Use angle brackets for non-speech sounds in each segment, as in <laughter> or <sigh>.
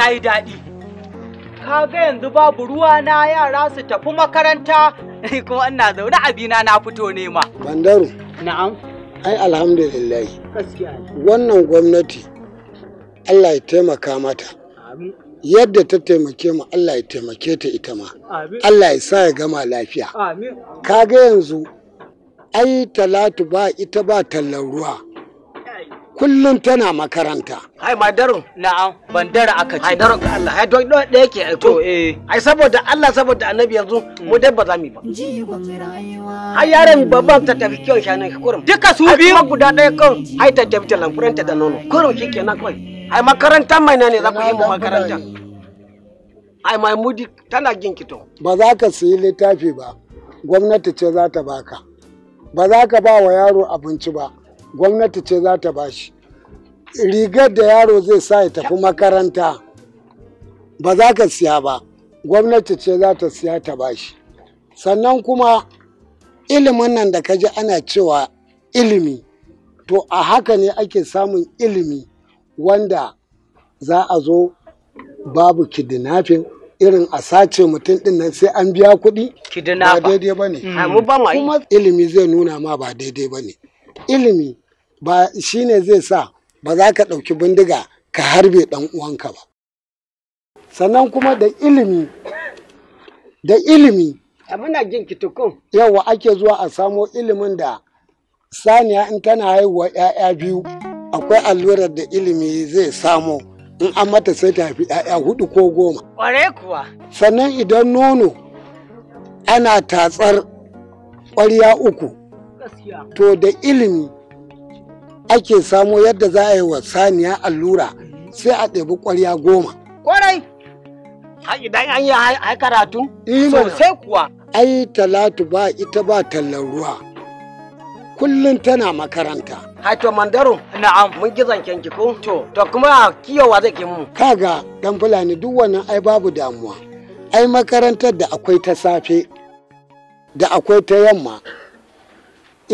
ya yi daɗi ka ga yanzu babu ruwa na yara su tafi makaranta kuma ina zaune abina na fito nema bandaru na'am ai alhamdulillah wannan gwamnati Allah ya taimaka mata yadda ta taimake mu Allah ya taimake ta ita ma Allah ya sa ya gama lafiya ka ga yanzu ai talatu ba ita ba tallan ruwa kullum tana makaranta. Hai ma darin. Na'am. Ban dara aka ce. Hai darin ga Allah. Hai don da yake ai to. eh. Ai saboda Allah saboda Annabi yanzu mu dai ba za mu ba. Hai mu babba ta tafi kyau shanin kurum. Duka su biyu. Ai guda ɗaya kan ai ta tafi talamfuranta da nono. Kurum shikenan kawai. Hai makaranta mai na ne za ku yi mu makaranta. Ai mai mudi tana kito. Ba za ka sayi littafi ba. Gwamnati ce za ta baka. Ba za ka ba wa yaro abinci ba. gwamnati ce za ta bashi rigar da yaro zai sa ya tafi makaranta ba za ka siya ba gwamnati ce za ta siya ta bashi sannan kuma ilimin nan da ka ji ana cewa ilimi to a haka ne ake samun ilimi wanda za a zo babu kidnapping irin a sace mutum din nan sai an biya kuɗi ba daidai ba ne mm. kuma ilimi zai nuna ma ba daidai ba ne ilimi ba shi ne zai sa ba za ka ɗauki bindiga ka harbe ɗan uwanka ba sannan kuma da ilimi da ilimi muna jin kitukun yawa ake zuwa a samo ilimin da saniya in tana haihuwa 'ya'ya biyu akwai allurar da ilimi zai samo in an mata sai ta haifi 'ya'ya hudu ko goma ƙware kuwa sannan idan nono ana tatsar ƙwarya uku to da ilimi ake samo yadda za a yi wa saniya allura sai a ɗebi ƙwarya goma ƙwarai idan an yi karatu eh sosai kuwa ai talatu ba ita ba tallar ruwa kullum tana makaranta Hato mandaro? Na'am. Mun gizon kyanki ko? To, to kuma kiyowa zai ke mu. Kaga dan Fulani duk wannan ai babu damuwa. Ai makarantar da akwai ta safe da akwai ta yamma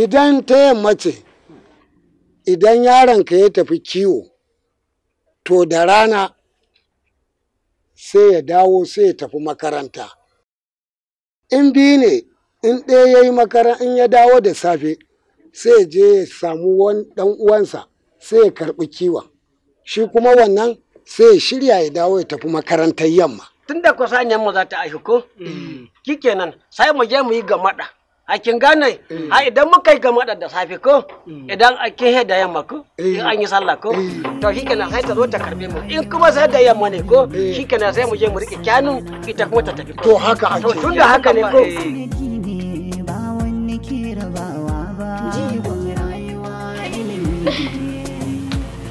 idan ta yamma ce idan yaronka ya tafi kiwo to da rana sai ya dawo sai ya tafi makaranta in biyu ne in ɗaya ya yi makaranta in ya dawo da safe sai je ya samu ɗan uwansa sai ya karɓi kiwon shi kuma wannan sai ya shirya ya dawo ya tafi makarantar yamma tun da kusan yamma za ta ashi ko kikenan mm. sai mu je mu yi gamaɗa a kin gane mm. a idan muka yi gama da safe ko mm. idan a kin da yamma ko eh. in an yi sallah ko eh. to shikenan sai ta zo ta karbe mu in kuma sai da yamma ne ko eh. shikenan sai mu je mu rike kyanu ita kuma ta tafi ko to haka to tun da haka ne ko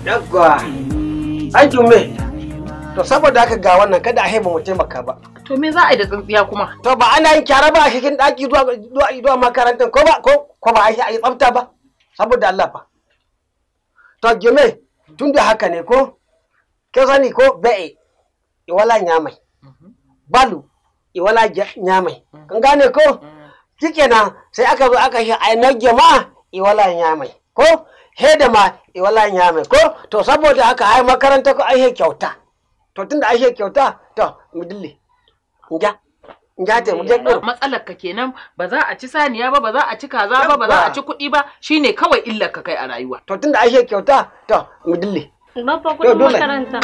Yagwa, ai jume, to saboda haka ga wannan kada a haiba mu taimaka ba. To me za a yi da tsintsiya kuma? To ba ana yin kyara ba a cikin daki zuwa makarantar ko ba ko ba a yi tsafta ba saboda Allah fa. To gime tun da haka ne ko ke sani ko i iwala nyamai mhm. balu iwala nyamai mhm. kan gane ko mhm. na sai aka zo aka shi a na jama'a iwala nyamai ko Hedema ma iwala nyamai ko to saboda haka ai makaranta ko ai kyauta to tunda ai kyauta to midilli Nja. Nja te muje eh, je Matsalar ka kenan ba za a ci saniya ba ba za a ci kaza ba ba za a ci kuɗi ba shine kawai illar ka kai a rayuwa. To tunda ashe kyauta to mu dille. ba fa kuɗin makaranta.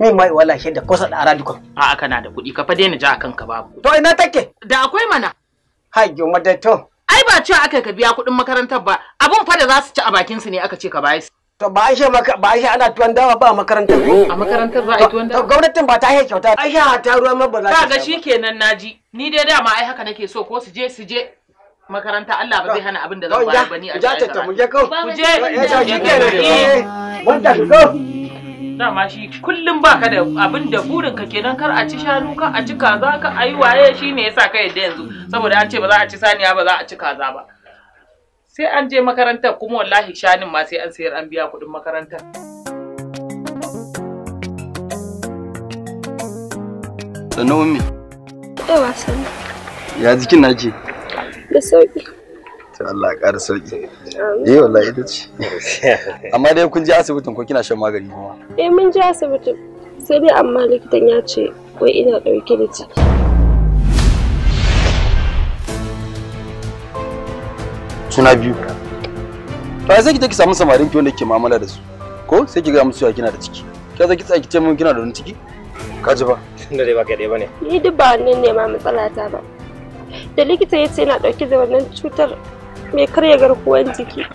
Ni mai wala shi da kosa da a A'a kana da kuɗi ka fa daina ja a ka babu. To ina take? Da akwai mana. Hayyo to Ai ba cewa aka ka biya kuɗin makarantar ba abun fa da za su ci a bakin su ne aka ce ka bayar. To ba Aisha maka ba Aisha ana tuwon dawa ba a makarantar. Eh. A makarantar za a yi tuwon dawa. Gwamnatin ba ta yi kyauta. Aisha ta ruwa ma ba za ta. Kaga shikenan naji. Ni dai dama ai haka nake so ko su je su je makaranta Allah ba zai hana abin da zan bayar ba ni a Ja Ta je kawai. Ku je. Eh, shikenan. Wanda ku go. Dama shi kullum ka da abin da burin ka kenan kar a ci shanu ka a ci kaza ka a yi waye shine yasa ka yadda yanzu saboda an ce ba za a ci saniya ba za a ci kaza ba. sai an je makarantar kuma wallahi shanin ma sai an sayar an biya kuɗin makarantar. Sannan ummi. Yawa sannan. Ya jikin na ce? Da sauƙi. Ta Allah ya ƙara sauƙi. Eh wallahi ita ce. Amma dai kun je asibitin ko kina shan magani kuma? Eh mun je asibitin. Sai dai amma likitan ya ce wai ina ɗauke da ciki. suna biyu to sai ki take samu samarin ki wanda kike mu'amala da su ko sai ki ga musu ya kina da ciki kai zaki tsaki ce mun kina da ciki ka ji ba tunda dai ba kai dai bane ni duk ba wannan ne ma matsala ta ba da likita yace ce dauke da wannan cutar mai karya garkuwar jiki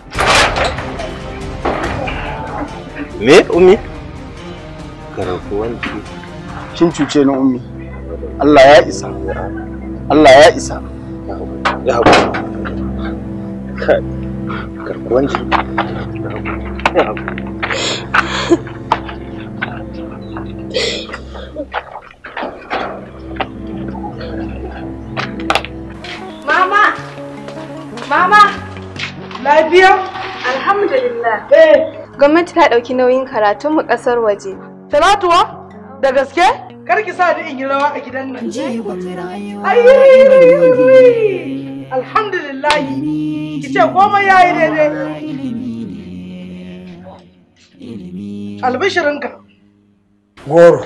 me ummi garkuwar jiki kin cuce ni ummi Allah ya isa Allah ya isa ya haƙuri garkuwan mama mama lafiya alhamdulillah eh gwamnati ta ɗauki nauyin karatunmu ƙasar kasar waje talatuwa da gaske kar ki sa ni in rawa a gidan nan je gwamnati alhamdulillahi ki ce komai ya yi daidai albishirinka goro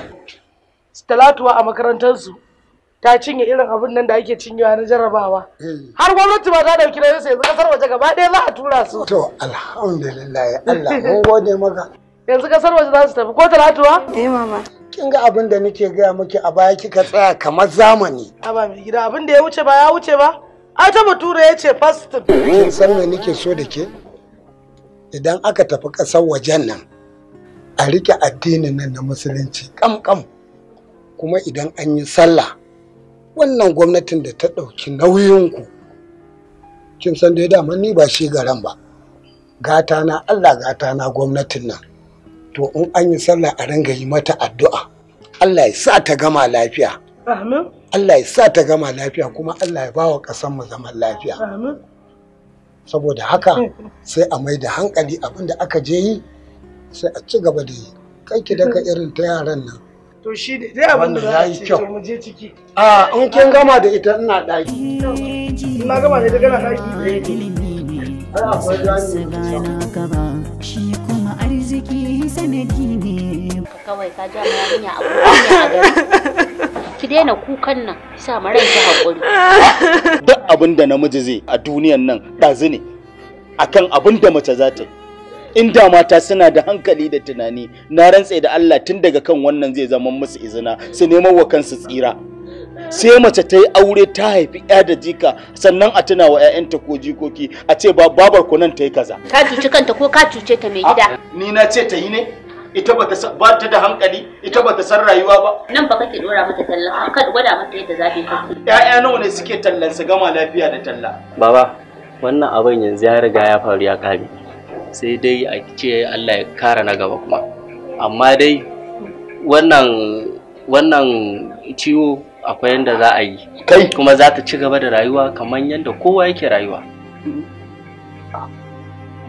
talatuwa a makarantarsu ta cinye irin abin nan da ake cinyewa na jarabawa eh. har gwamnati ba ta dauki na sai yanzu kasar waje gaba ɗaya za a tura su to alhamdulillah Allah mun gode maka yanzu kasar waje za su tafi ko talatuwa eh mama kin ga abin da nake gaya miki a baya kika tsaya kamar zamani a ba mai gida abin da ya wuce ba ya wuce ba ai ta bature ya ce fasting kin san me nake so da ke idan aka tafi ƙasar wajen nan a rike addinin nan na musulunci kam-kam kuma idan an yi sallah wannan gwamnatin da ta ɗauki nauyinku kin san dai dama ni ba shi garan ba gata na allah gata na gwamnatin nan to in an yi sallah a ringa yi mata addu'a allah ya sa ta gama lafiya Amin. Allah ya sa ta gama lafiya kuma Allah ya ba wa mu zaman lafiya. Saboda haka sai a mai da hankali abin da aka je yi sai a ci gaba da yi. Kai ki daga irin ta yaran nan. To shi ne dai abin da za a ce kyau. mu je ciki. A in kin gama da ita ina ɗaki. gama da ita kana Shi kuma arziki sanadi ne. Kawai ka ja ma yarinya a gari. ki daina kukan nan sa ma ranki hakuri <laughs> duk abinda da namiji zai a duniyan nan ɗazu ne akan abin da mace za ta yi inda mata suna da hankali da tunani na rantse da Allah tun daga kan wannan zai zama musu izina su neman wa kansu tsira sai mace ta yi aure ta haifi ya da jika sannan a tuna wa 'ya'yanta ko jikoki a ce babar ku nan ta yi kaza ka cuci kanta ko ka cuce ta mai gida ni na ce ta yi ne ita ba ta ba ta da hankali ita ba ta san rayuwa ba nan ba kake dora mata talla ka gwada mata yadda za ta yi ƴaƴa nawa ne suke tallan su gama lafiya da talla baba wannan abin yanzu ya riga ya faru ya kabe sai dai a ce Allah ya kara na gaba kuma amma dai wannan wannan ciwo akwai yadda za a yi kai kuma za ta ci gaba da rayuwa kamar yadda kowa yake rayuwa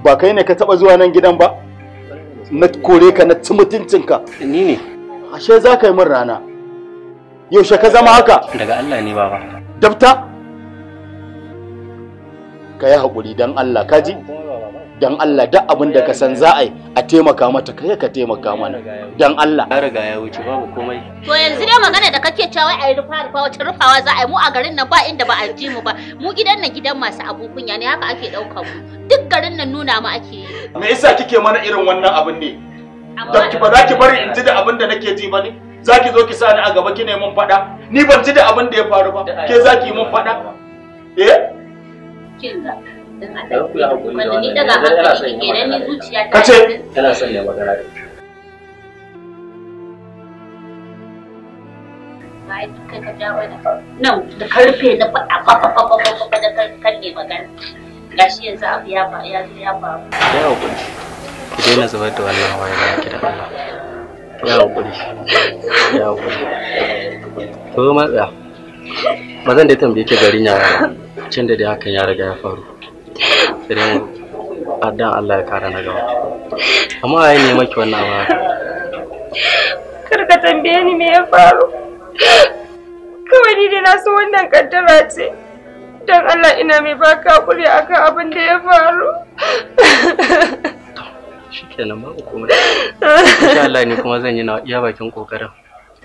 ba kai ne ka taba zuwa nan gidan ba na kore ka na ci ka ni ne ashe za ka yi min rana yaushe ka zama haka daga Allah ne baba dabta ka yi haƙuri don Allah ka ji Dan Allah duk abin da ka san za a yi a taimaka mata kai ka taimaka mana dan Allah ya riga ya wuce babu komai to yanzu dai magana da kake cewa a yi rufa rufa wata rufawa za a yi mu a garin nan ba inda ba a ji mu ba mu gidan nan gidan masu abubunya ne haka ake ɗauka mu duk garin nan nuna mu ake yi me yasa kike mana irin wannan abin ne ba za ki bari in ji da abin da nake ji ba ne za ki zo ki sa ni a gaba ki ne mun faɗa ni ban ji da abin da ya faru ba ke za ki mun faɗa eh kace tana ya na ya zubar da wannan da ki da Allah ya ya to matsa ba zan da tambaye ki garin yara can da dai hakan ya riga ya faru sai addan Allah ya kare na gaba amma ai ne maki wannan ba karka tambaye ni me ya faru kawai ni dai na so wannan kaddara ce dan Allah ina mai baka hakuri akan abin da ya faru shikenan ba komai insha Allah ni kuma zan yi na iya bakin kokarin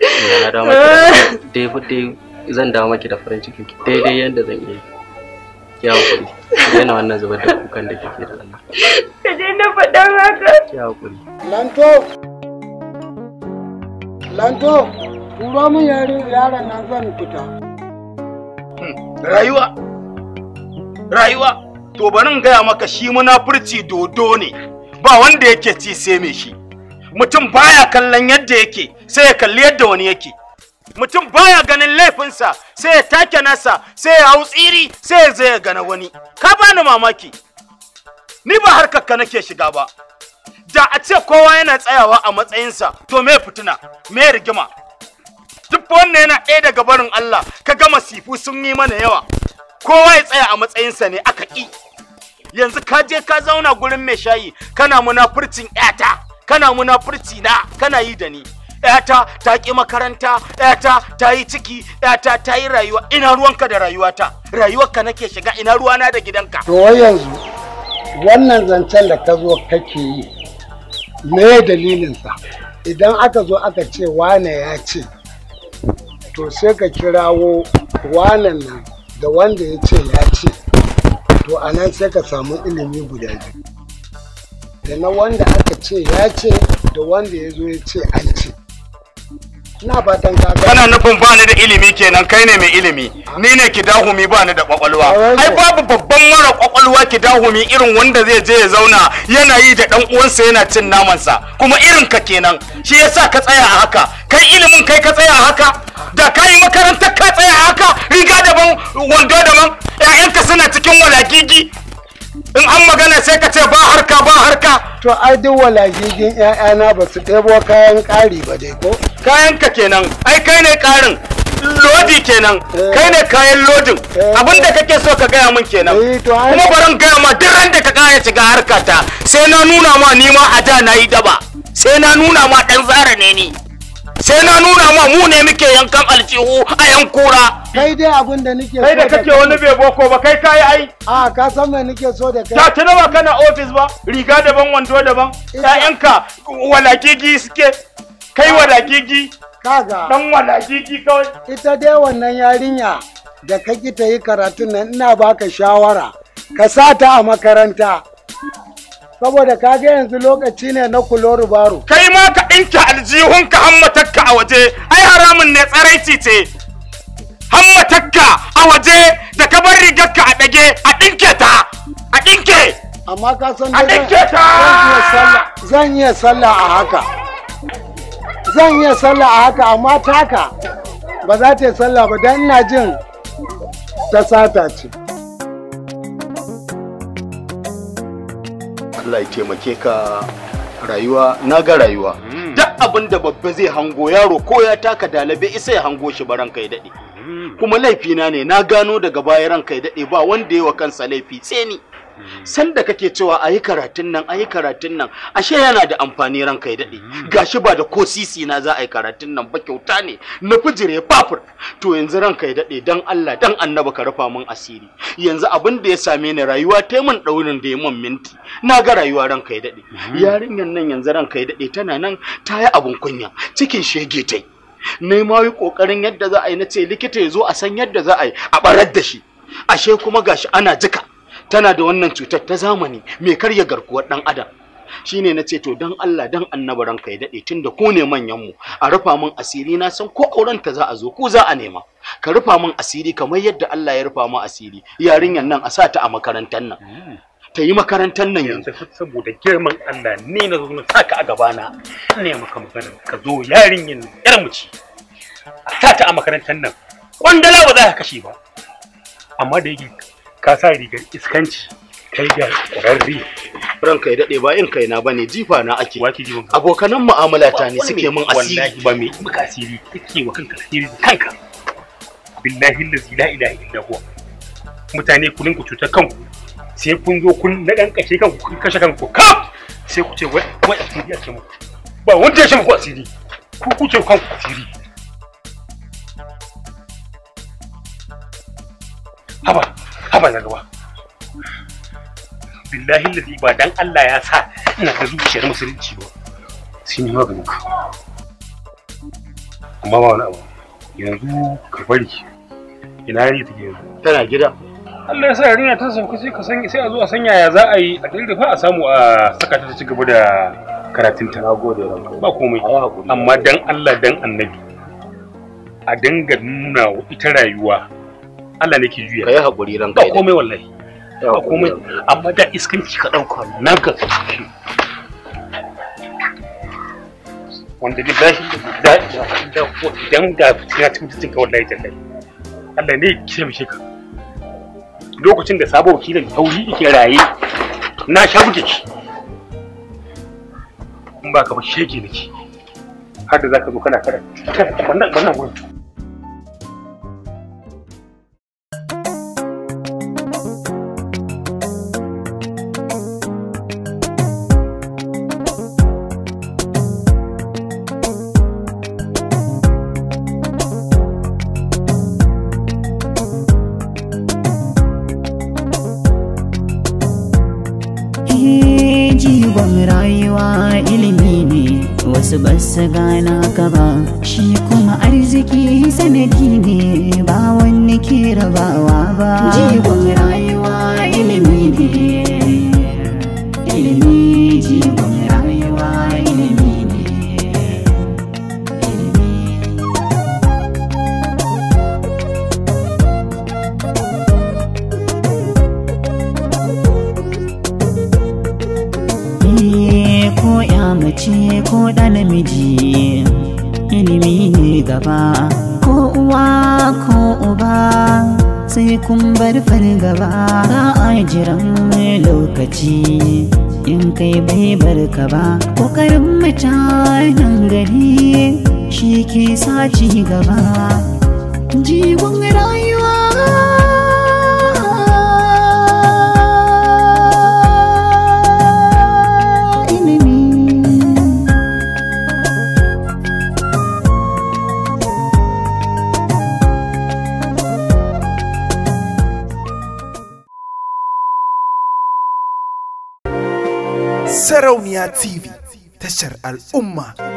ina da maki dai dai zan dawo maki da farin ciki daidai yadda zan iya Ki haƙuri. Yana wannan zubar da kukan da kike da Allah. Ka je na faɗa haka. Ki haƙuri. Lanto. Lanto. Turo min yaron nan zan fita. Hmm, rayuwa. Rayuwa. To barin gaya maka shi munafurci dodo ne. Ba wanda yake ci sai mai shi. Mutum baya kallon yadda yake sai ya kalli yadda wani yake. mutum baya ganin laifinsa sai ya take nasa sai ya hau tsiri sai ya zai gana wani ka bani mamaki ni ba harkar nake shiga ba da a ce kowa yana tsayawa a matsayinsa to me fituna me rigima duk wannan yana ɗaya daga barin Allah ka gama masifu sun yi mana yawa kowa ya tsaya a matsayinsa ne aka ƙi yanzu ka je ka zauna gurin mai shayi kana munafurcin ƴata kana munafurci na kana yi da ni yata ta ƙi makaranta ɗata ta yi ciki ɗata ta yi rayuwa ina ruwanka da rayuwata rayuwarka nake shiga ina ruwana da gidanka to yanzu wannan zancen da ka zo kake yi me dalilinsa idan aka zo aka ce wane ya ce to sai ka kirawo wanan nan da wanda ya ce ya ce to a nan sai ka samu ilimi guda biyu da na wanda aka ce ya ce da wanda ya zo ya ce an kana nufin ba ni da ilimi kenan kai ne mai ilimi ni ne ki dahumi ba ni da kwakwalwa ai babu babban mara kwakwalwa dahumi irin wanda zai je ya zauna yana yi da dan uwansa yana cin namansa kuma irin ka kenan shi yasa ka tsaya a haka kai ilimin kai ka tsaya a haka da kai makarantar ka tsaya a haka riga daban wando daban ƴaƴanka suna cikin walakiki in an magana sai ka ce ba harka ba harka to ai duk walagigin ƴaƴana ba su ɗebo kayan ƙari ba dai ko kayan ka kenan ai kai ne ƙarin lodi kenan eh. kai ne kayan lodin eh. abin da kake so ka gaya min kenan eh, kuma barin gaya ma duk ran da ka kaya shiga ta sai na nuna ma nima a da na yi daba sai na nuna ma ɗan zara ne ni sai na nuna ma mu ne muke yankan alcihu a yankura kai dai abin da nake kai da kake wani bai boko ba kai kai ai a ka san me nake so da kai ta tuna ba kana office ba riga daban wando daban yanka walakiki suke kai walakiki kaga dan walakiki kawai ita dai wannan yarinya da kake ta yi karatun nan ina baka shawara ka sa ta a makaranta saboda ka ga yanzu lokaci ne na kuloru baro kai ma ka ɗinke aljihunka hammatakka a waje ai haramun ne tsaraici ce hammatakka a waje da ka bar rigarka a ɗage a ɗinke ta a ɗinke amma ka san da ta zan iya sallah a haka zan iya sallah a haka amma taka ba za ta yi sallah ba don ina jin ta sata ce Allah ya taimake ka rayuwa na ga rayuwa mm. duk abin da babba zai hango yaro ko ya taka dalabe isa ya hango shi baran kai daɗe mm. kuma laifina ne na gano daga baya ranka ya daɗe ba wanda ya wa kansa laifi sai ni sanda kake cewa ayi karatun nan ayi karatun nan ashe yana da amfani ranka ya daɗe mm. gashi ba da ko sisi na za a yi karatun nan ba kyauta ne na kujire fafur to yanzu ranka ya daɗe dan Allah dan annaba ka rufa min asiri yanzu abin da ya same ni rayuwa ta yi min daurin da ya min minti na ga rayuwa ranka ya daɗe mm. yarinyar nan yanzu ranka ya daɗe tana nan ta yi abin kunya cikin shege tai ma yi ƙoƙarin yadda za a yi na ce likita ya zo a san yadda za a yi a barar da shi ashe kuma gashi ana jika tana da wannan cutar ta zamani mai karya garkuwar dan adam shine na ce to dan Allah dan annabi ranka ya dade tunda ku ne manyan mu a rufa min asiri na san ko auren ta za a zo ku za a nema ka rufa min asiri kamar yadda Allah ya rufa min asiri yarinyan nan a sa ta a makarantar nan hmm. ta yi makarantar nan yanzu saboda girman Allah ne na zo na saka a gabana ne maka magana ka zo yarinyan yar mu ci a sa ta a makarantar nan kwandala ba za ka kashe ba amma da yake ka sa rigar iskanci kai ga ƙwararri ranka ya daɗe ba in kai na bane jifa na ake abokanan mu'amala ta ne suke min asiri wallahi ba me muka asiri kake wa kanka asiri kanka billahi allazi la ilaha illa huwa mutane ku rinka cutar kanku sai kun zo kun na dan kashe kanku kun kashe kanku kaf sai ku ce wai wai asiri ake muku ba wanda ya shi muku asiri ku kuce kanku asiri haba ba zaga ba billahi lazi ba dan Allah ya sa ina da zuciyar musulunci ba sai ni maganin ka ba wani abu yanzu ka bari ina ne take yanzu tana gida Allah ya sa yarinya ta sauka sai ka sanya sai a zo a sanya ya za a yi a dirrifa a samu a saka ta ci gaba da karatun ta nagode ba komai amma dan Allah dan annabi a dinga nuna ita rayuwa Allah ne ke juya kai hakuri ran kai komai wallahi ba komai amma da iskanci ka dauka nan ka wanda da bashi da da idan da fitina cikin cikin ka wallahi ta kai. Allah ne ke kishe ka lokacin da sabo wakilin tauri yake raye na sha buke ki in ba ka ba shege nake har da zaka zo kana karanta wannan wannan gurin su gana ba shi kuma arziki sanadi ne ba wani ke rabawa ba ƙoƙarin nan gari shi ke sa ci gaba jigon rayuwa Sarauniya TV تسر الامه